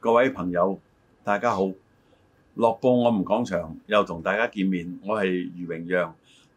各位朋友，大家好！樂報我們講場，又同大家見面，我係余榮陽，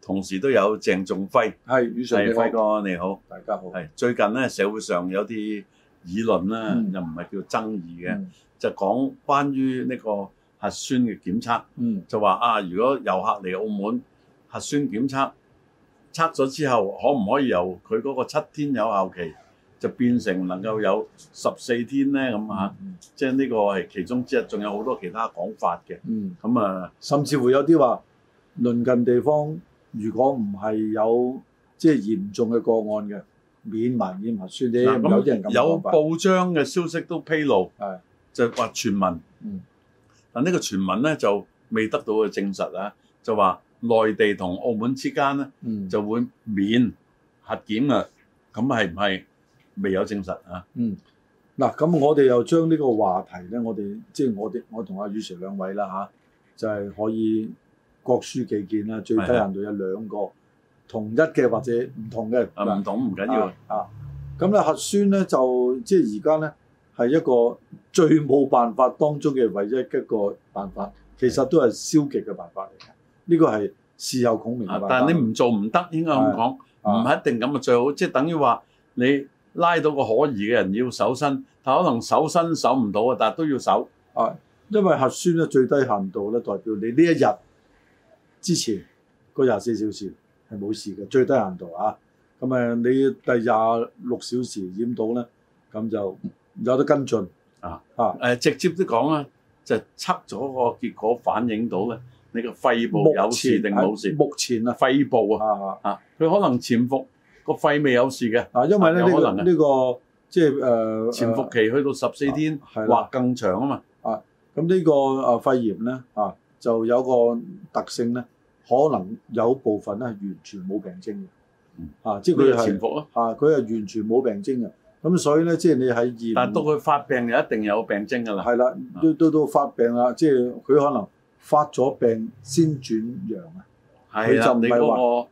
同時都有鄭仲輝，係余仲輝哥，你好，你好，大家好。係最近呢社會上有啲議論啦，嗯、又唔係叫爭議嘅，嗯、就講關於呢個核酸嘅檢測，嗯，就話啊，如果遊客嚟澳門核酸檢測。測咗之後，可唔可以由佢嗰個七天有效期就變成能夠有十四天咧？咁、嗯嗯、啊，即係呢個係其中之一，仲有好多其他講法嘅。嗯。咁啊，甚至會有啲話鄰近地方如果唔係有即係、就是、嚴重嘅個案嘅，免文免核酸啲。咁、嗯有，嗯、有報章嘅消息都披露，的就話傳聞。嗯。但呢個傳聞咧就未得到嘅證實啦，就話。內地同澳門之間咧，就會免核檢啊！咁係唔係未有證實啊？嗯，嗱，咁我哋又將呢個話題咧，我哋即係我哋我同阿雨 Sir 兩位啦吓、啊，就係、是、可以各抒己見啦。最低限度有兩個的同一嘅或者唔同嘅。唔同唔緊要啊。咁咧、啊啊、核酸咧就即係而家咧係一個最冇辦法當中嘅唯一一個辦法，其實都係消極嘅辦法嚟。呢個係事後孔明、啊，但你唔做唔得，啊、應該咁講，唔、啊、一定咁啊最好，即等於話你拉到個可疑嘅人要搜身，但可能搜身搜唔到啊，但都要搜啊，因為核酸咧最低限度咧代表你呢一日之前嗰廿四小時係冇事嘅，最低限度啊，咁你第廿六小時染到咧，咁就有得跟進啊，誒、啊啊啊、直接啲講啊，就測咗個結果反映到嘅。你個肺部有事定冇事？目前啊，肺部啊，啊，佢可能潛伏個肺未有事嘅。啊，因為咧呢個呢個即係誒潛伏期去到十四天係啦更長啊嘛。啊，咁呢個啊肺炎咧啊就有個特性咧，可能有部分咧完全冇病徵嘅。啊，即係佢潛伏啊，佢係完全冇病徵嘅。咁所以咧，即係你喺二，但到佢發病就一定有病徵㗎啦。係啦，都都都發病啦，即係佢可能。發咗病先轉陽啊！係啦，你嗰個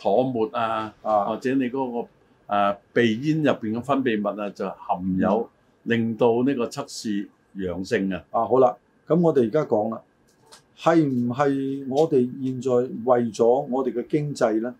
唾沫啊，或者你嗰個誒鼻咽入邊嘅分泌物啊，就含有令到呢個測試陽性啊！啊好啦，咁我哋而家講啦，係唔係我哋現在為咗我哋嘅經濟咧？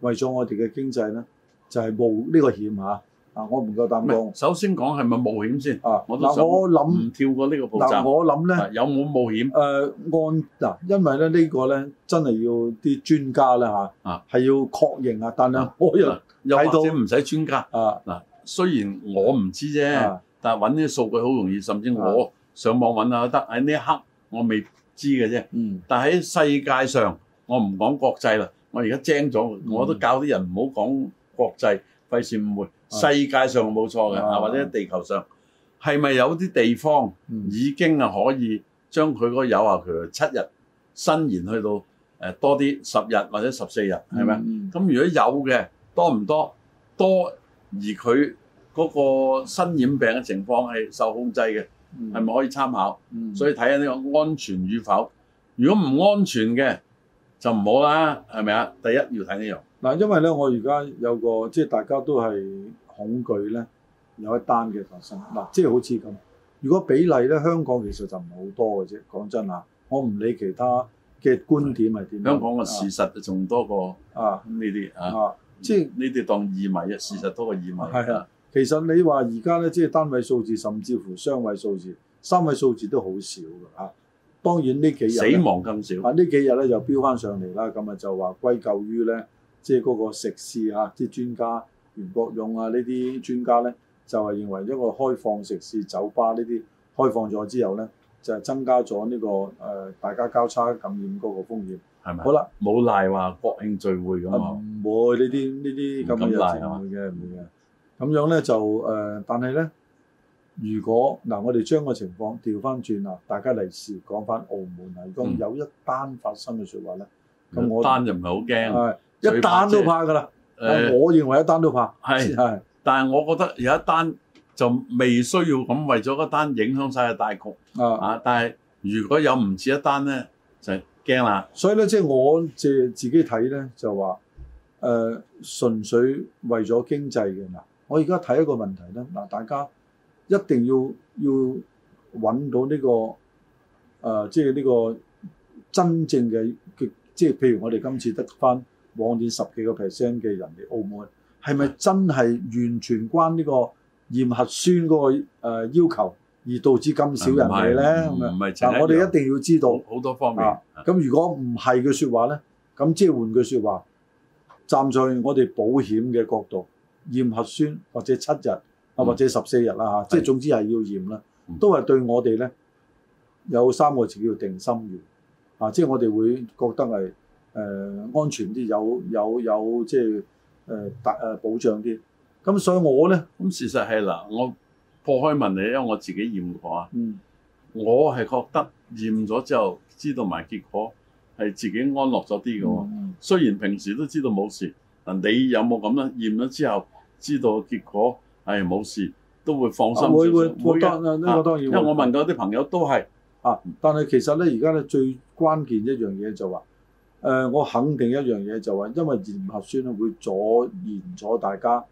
為咗我哋嘅經濟咧，就係冒呢個險嚇？我唔夠膽，首先講係咪冒險先？啊，嗱，我諗唔跳過呢個步驟。我諗咧有冇冒險？誒，按嗱，因為咧呢個咧真係要啲專家啦嚇，係要確認啊。但係我又睇到又或者唔使專家啊。嗱，雖然我唔知啫，但係揾啲數據好容易，甚至我上網揾下得。喺呢一刻我未知嘅啫。嗯。但喺世界上，我唔講國際啦。我而家精咗，我都教啲人唔好講國際，費事誤會。世界上冇錯嘅，啊、或者地球上係咪、啊、有啲地方已經可以將佢嗰個有效期、嗯、七日伸延去到、呃、多啲十日或者十四日係咪？咁、嗯、如果有嘅多唔多多而佢嗰個新染病嘅情況係受控制嘅，係咪、嗯、可以參考？嗯、所以睇下呢個安全與否。如果唔安全嘅就唔好啦，係咪啊？第一要睇呢樣。嗱，因為咧，我而家有個即係大家都係恐懼咧，有一單嘅發生。嗱，即係好似咁，如果比例咧，香港其實就唔係好多嘅啫。講真啊，我唔理其他嘅觀點係點。香港嘅事實仲多過啊呢啲啊，啊，即係你哋當二萬啊。事實多過二萬、啊。啊，其實你話而家咧，即係單位數字，甚至乎雙位數字、三位數字都好少㗎。當然呢幾日死亡咁少。啊，呢幾日咧、啊、就飆翻上嚟啦。咁啊就話歸咎於咧。即係嗰個食肆啊，即係專家袁國勇啊呢啲專家咧，就係認為一個開放食肆、酒吧呢啲開放咗之後咧，就增加咗呢、這個誒、呃、大家交叉感染嗰個風險，係咪？好啦，冇賴話國慶聚會咁啊！唔、啊、會,賴賴會,會樣呢啲呢啲咁嘅嘢前嘅，唔會嘅。咁樣咧就誒，但係咧，如果嗱、呃、我哋將個情況調翻轉啦，大家嚟時講翻澳門嚟講，如果有一單發生嘅説話咧，咁、嗯、我單就唔係好驚。一單都怕噶啦，呃、我認為一單都怕，是是但係我覺得有一單就未需要咁為咗一單影響晒嘅大局，啊的，啊，但係如果有唔止一單咧，就驚啦。所以咧，即、就、係、是、我借自己睇咧，就話誒、呃、純粹為咗經濟嘅嗱，我而家睇一個問題咧，嗱，大家一定要要揾到呢、這個誒，即係呢個真正嘅即係譬如我哋今次得翻。往年十幾個 percent 嘅人嚟澳門，係咪真係完全關呢個驗核酸嗰個要求而導致咁少人嚟咧？唔係，唔係。我哋一定要知道好多方面。咁、啊、如果唔係嘅説話咧，咁即係換句説話，站在我哋保險嘅角度，驗核酸或者七日啊，或者十四日啦嚇，即係總之係要驗啦，嗯、都係對我哋咧有三個字叫定心丸啊，即係我哋會覺得係。誒、呃、安全啲，有有有即係誒、呃、保障啲。咁所以我咧，咁事實係嗱，我破開問你，因為我自己驗過啊。嗯。我係覺得驗咗之後，知道埋結果係自己安樂咗啲嘅喎。嗯、雖然平時都知道冇事，嗱你有冇咁樣驗咗之後知道結果係冇事，都會放心啲。會會，我當啊呢個當然。啊、因為我問過啲朋友都係啊，但係其實咧，而家咧最關鍵一樣嘢就話、是。誒、呃，我肯定一樣嘢就話，因為驗核酸咧，會阻延咗大家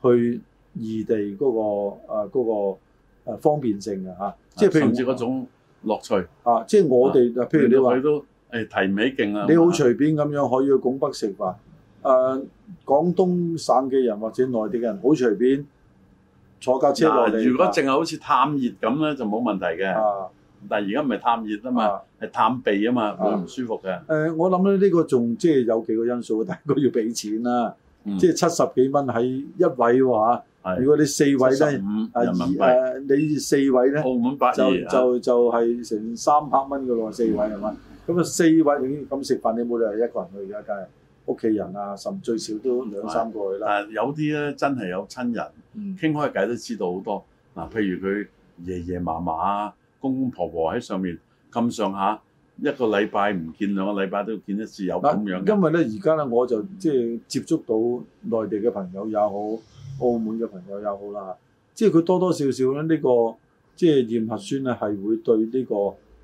去異地嗰、那個誒嗰、呃那個、方便性嘅即係譬如甚至嗰種樂趣啊，即係、啊、我哋、啊、譬如你都提唔起勁啊，你好隨便咁樣可以去拱北食飯。誒、啊啊，廣東省嘅人或者內地嘅人好隨便坐架車落嚟、啊，如果淨係好似探熱咁咧，就冇問題嘅。啊。但係而家唔係探熱啊嘛，係、啊、探鼻啊嘛，啊會唔舒服嘅。誒、呃，我諗咧呢個仲即係有幾個因素，第一個要俾錢啦、啊，嗯、即係七十幾蚊係一位嘅、啊、嚇。的如果你四位咧，五人民幣、啊、你四位咧，澳門、哦、百二、啊、就就就係、是、成三百蚊嘅咯，四位係嘛？咁啊，嗯、四位咁食飯，你冇理由一個人去，而家梗係屋企人啊，甚至最少都兩快三個去啦。誒，有啲咧真係有親人傾開偈都知道好多。嗱、啊，譬如佢爺爺嫲嫲啊。媽媽公公婆婆喺上面咁上下一個禮拜唔見，兩個禮拜都見一次有咁樣，因為咧而家咧我就即係接觸到內地嘅朋友也好，澳門嘅朋友也好啦，即係，佢多多少少咧呢、呢個即係驗核酸咧係會對呢、呢個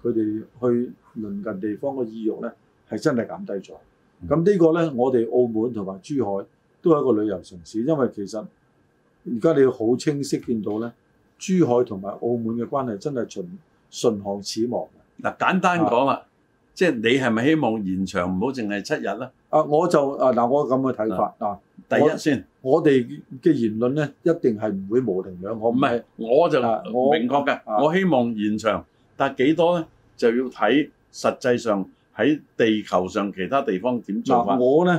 佢哋去鄰近地方嘅意欲咧係真係減低咗。咁、嗯、呢個咧我哋澳門同埋珠海都係一個旅遊城市，因為其實而家你好清晰見到咧，珠海同埋澳門嘅關係真係純。順毫始亡嗱，簡單講啊，即係你係咪希望延長唔好淨係七日咧？啊，我就啊嗱，我咁嘅睇法啊。第一先，我哋嘅言論咧一定係唔會模棱兩可。唔係，我就明確嘅。我希望延長，但係幾多咧就要睇實際上喺地球上其他地方點做法。嗱，我咧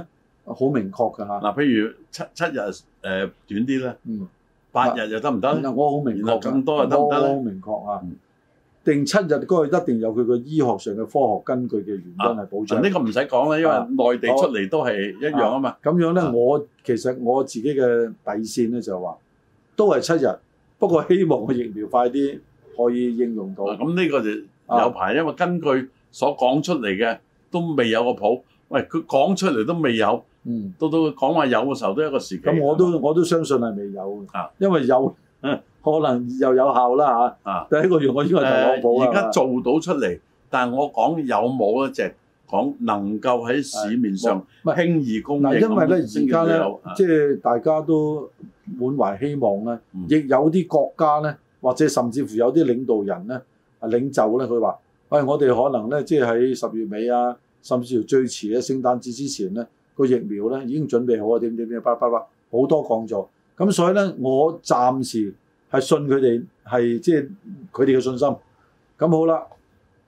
好明確嘅嚇。嗱，譬如七七日誒短啲咧，嗯，八日又得唔得？嗱，我好明確，咁多又得唔得咧？我好明確啊。定七日嗰一定有佢個醫學上嘅科學根據嘅原因係保障，呢個唔使講啦，因為內地出嚟都係一樣啊嘛。咁樣咧，我其實我自己嘅底線咧就係話都係七日，不過希望個疫苗快啲可以應用到。咁呢個就有排，因為根據所講出嚟嘅都未有個譜。喂，佢講出嚟都未有，到到講話有嘅時候都一個時間。咁我都我都相信係未有嘅，因為有。可能又有效啦啊，第一個月我呢個就攞到，而家做到出嚟，但我講有冇一隻講能夠喺市面上輕易攻。略、啊啊？因為咧而家咧，即係、啊、大家都滿懷希望咧，亦、嗯、有啲國家咧，或者甚至乎有啲領導人咧，啊領袖咧，佢話：，喂、哎，我哋可能咧，即係喺十月尾啊，甚至乎最遲嘅聖誕節之前咧，個疫苗咧已經準備好啊！點點點，巴好多講座，咁所以咧，我暫時。係，信佢哋係，即係佢哋嘅信心，咁好啦。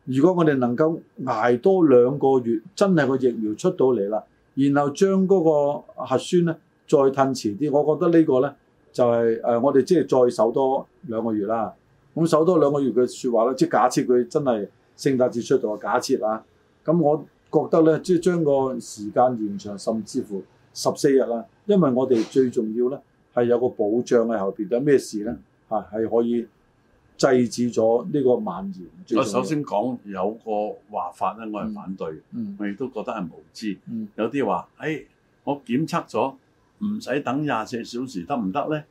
如果我哋能夠捱多兩個月，真係個疫苗出到嚟啦，然後將嗰個核酸咧再褪遲啲，我覺得這個呢個咧就係、是、誒、呃、我哋即係再守多兩個月啦。咁守多兩個月嘅説話咧，即係假設佢真係聖誕節出到，假設啊，咁我覺得咧，即係將個時間延長，甚至乎十四日啦，因為我哋最重要咧係有個保障喺後邊，有咩事咧？啊，係可以制止咗呢個蔓延。我首先講有個話法咧，我係反對，嗯、我亦都覺得係無知。嗯、有啲話，誒、哎，我檢測咗唔使等廿四小時得唔得咧？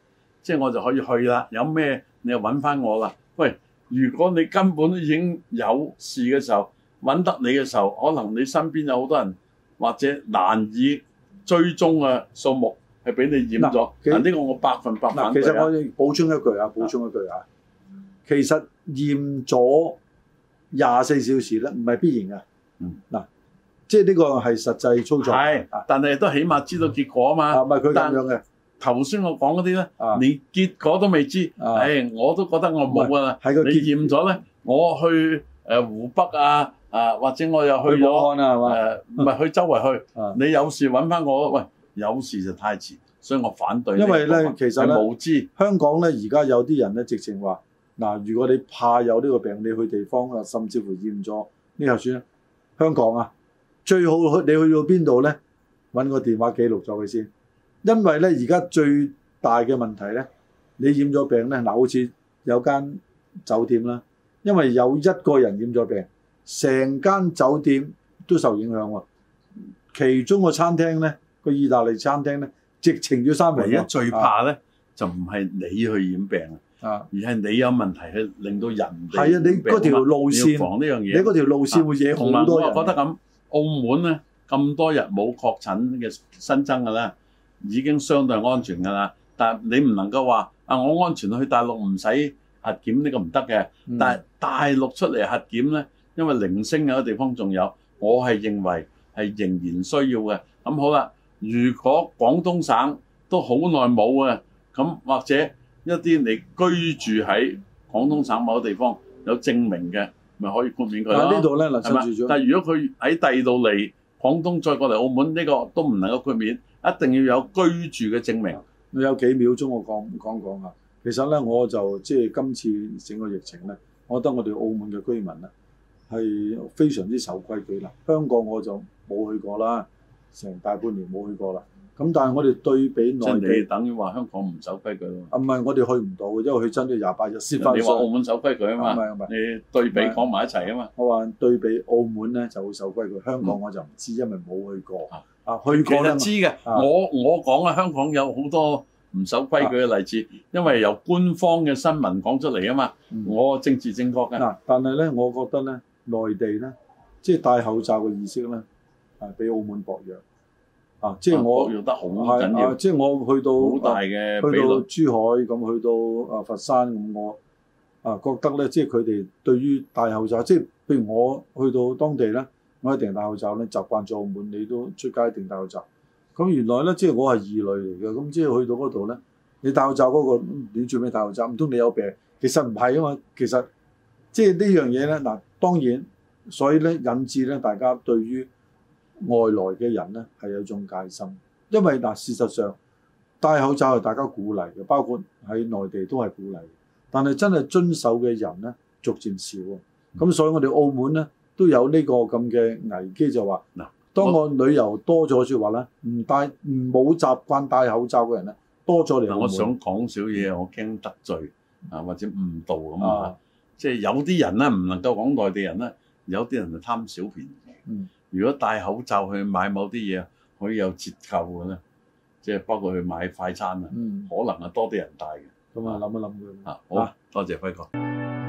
即係我就可以去啦。有咩你又揾返我啦？喂，如果你根本已經有事嘅時候，揾得你嘅時候，可能你身邊有好多人或者難以追蹤嘅數目。係俾你驗咗，嗱呢個我百分百。其實我補充一句啊，補充一句啊，其實驗咗廿四小時咧，唔係必然嘅。嗱，即係呢個係實際操作。係，但係都起碼知道結果啊嘛。啊，唔係佢咁樣嘅。頭先我講嗰啲咧，你結果都未知。唉，我都覺得我冇㗎啦。係個結。你驗咗咧，我去誒湖北啊啊，或者我又去咗誒，唔係去周圍去。你有事揾翻我，喂。有事就太遲，所以我反對。因為咧，我其實咧，無知香港咧，而家有啲人咧，直情話嗱，如果你怕有呢個病，你去地方啊，甚至乎染咗，呢就算啦。香港啊，最好去你去到邊度咧，搵個電話記錄咗佢先。因為咧，而家最大嘅問題咧，你染咗病咧，嗱、呃，好似有間酒店啦，因為有一個人染咗病，成間酒店都受影響喎。其中個餐廳咧。個意大利餐廳咧，直情要三個人。一的最怕咧，的就唔係你去染病啊，的而係你有問題去令到人啊！你嗰條路線要防呢樣嘢，你嗰條路線會惹紅啊！我覺得咁，澳門咧咁多日冇確診嘅新增㗎啦，已經相對安全㗎啦。但係你唔能夠話啊，我安全去大陸唔使核檢呢個唔得嘅。嗯、但係大陸出嚟核檢咧，因為零星有地方仲有，我係認為係仍然需要嘅。咁好啦。如果廣東省都好耐冇啊，咁或者一啲你居住喺廣東省某個地方有證明嘅，咪可以豁免佢。但呢度咧住，但係如果佢喺第二度嚟廣東再過嚟澳門，呢個都唔能夠豁免，一定要有居住嘅證明。我有幾秒鐘我講講講啊，其實咧我就即係今次整個疫情咧，我覺得我哋澳門嘅居民啊係非常之守規矩啦。香港我就冇去過啦。成大半年冇去過啦，咁但係我哋對比內地，等於話香港唔守規矩咯。啊，唔係，我哋去唔到，因為去真係廿八日先翻。你講澳門守規矩啊嘛？唔你對比講埋一齊啊嘛。我話對比澳門咧就會守規矩，香港我就唔知，嗯、因為冇去過。啊，去過呢知嘅、啊。我我講啊，香港有好多唔守規矩嘅例子，啊、因為由官方嘅新聞講出嚟啊嘛。嗯、我政治正確嘅。嗱、啊，但係咧，我覺得咧，內地咧，即係戴口罩嘅意識呢。咧。誒，比澳門薄弱啊！即係我、啊、薄弱得好緊要。啊、即係我去到好大嘅，去到珠海咁，去到誒佛山咁，我啊覺得咧，即係佢哋對於戴口罩，即係譬如我去到當地咧，我一定戴口罩咧，習慣咗澳門，你都出街一定戴口罩。咁原來咧，即係我係異類嚟嘅。咁即係去到嗰度咧，你戴口罩嗰個，你最屘戴口罩，唔通你有病？其實唔係啊嘛，其實即係呢樣嘢咧。嗱、啊，當然，所以咧引致咧，大家對於外來嘅人咧係有種戒心，因為嗱、啊、事實上戴口罩係大家鼓勵嘅，包括喺內地都係鼓勵的。但係真係遵守嘅人咧逐漸少咁，嗯、所以我哋澳門咧都有呢個咁嘅危機，就話嗱，啊、當我旅遊多咗，説話咧唔戴、唔冇習慣戴口罩嘅人咧多咗嚟澳門。我想講少嘢，我驚得罪、嗯、啊或者誤導咁啊，啊即係有啲人咧唔能夠講內地人咧，有啲人就貪小便宜。嗯如果戴口罩去買某啲嘢，可以有折扣嘅咧，即係包括去買快餐啊，嗯嗯可能啊多啲人戴嘅。咁啊、嗯，諗好一諗佢。啊好，好啊，多謝輝哥。